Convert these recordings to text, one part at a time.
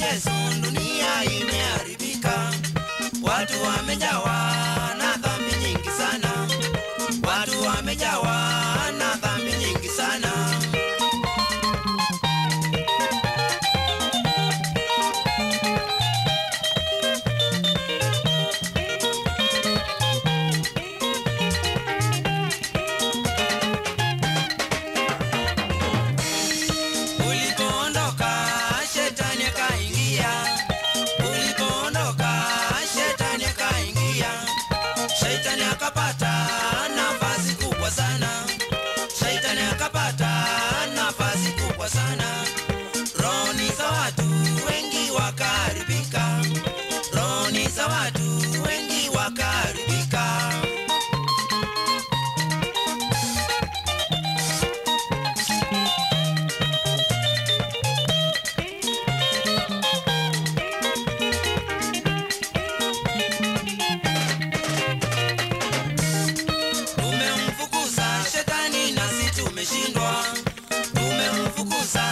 Yes. akapata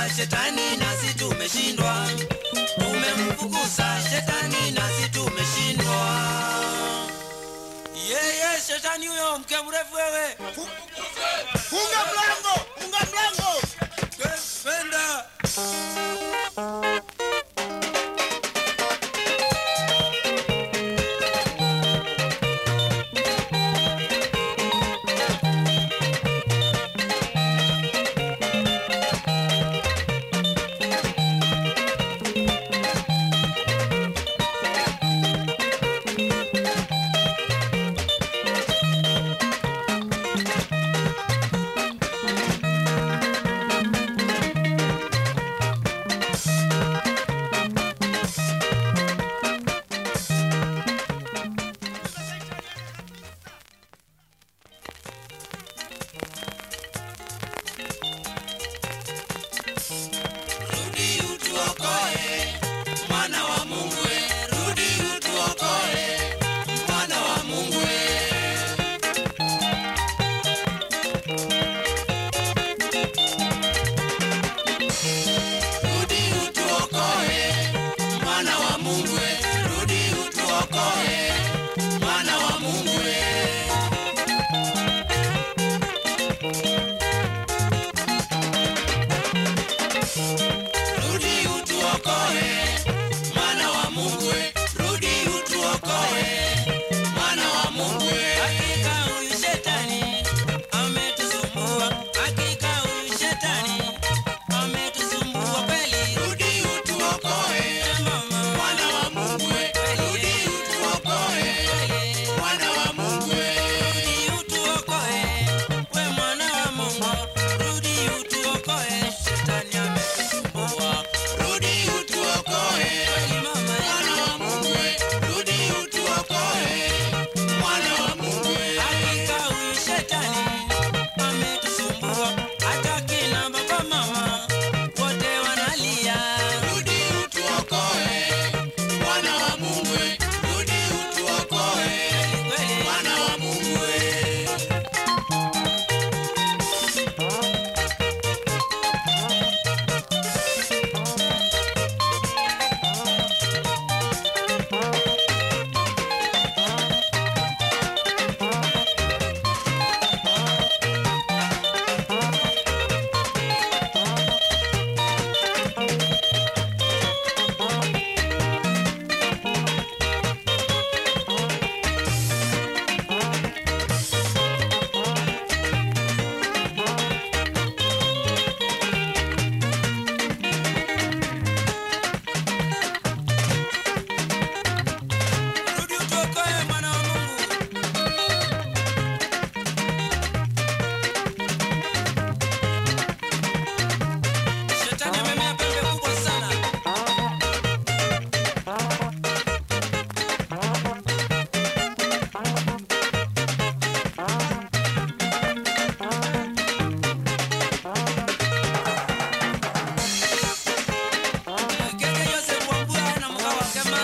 shetani nasi tumeshindwa, tumemfukuza shetani nasi tumeshindwa. Yeye yeah, yeah, shetani huyo, mke mrefu wewe, funga mlango, funga mlango, penda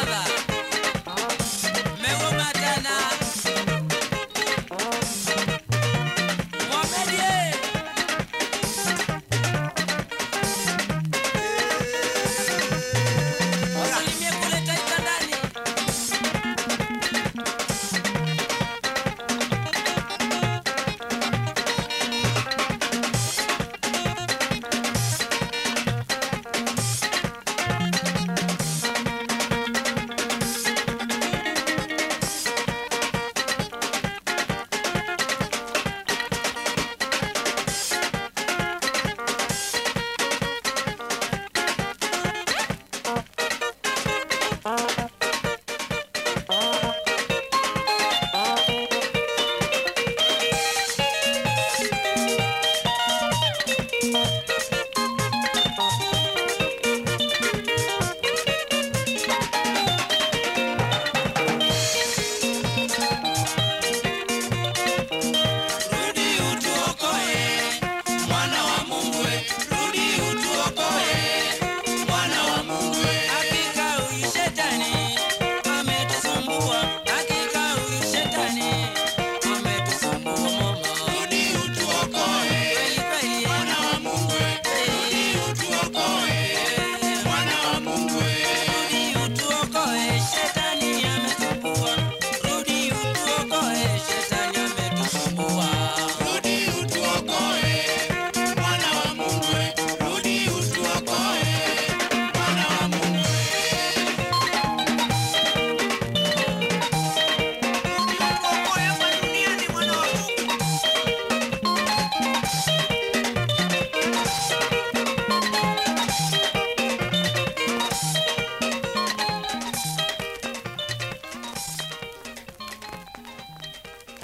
nada.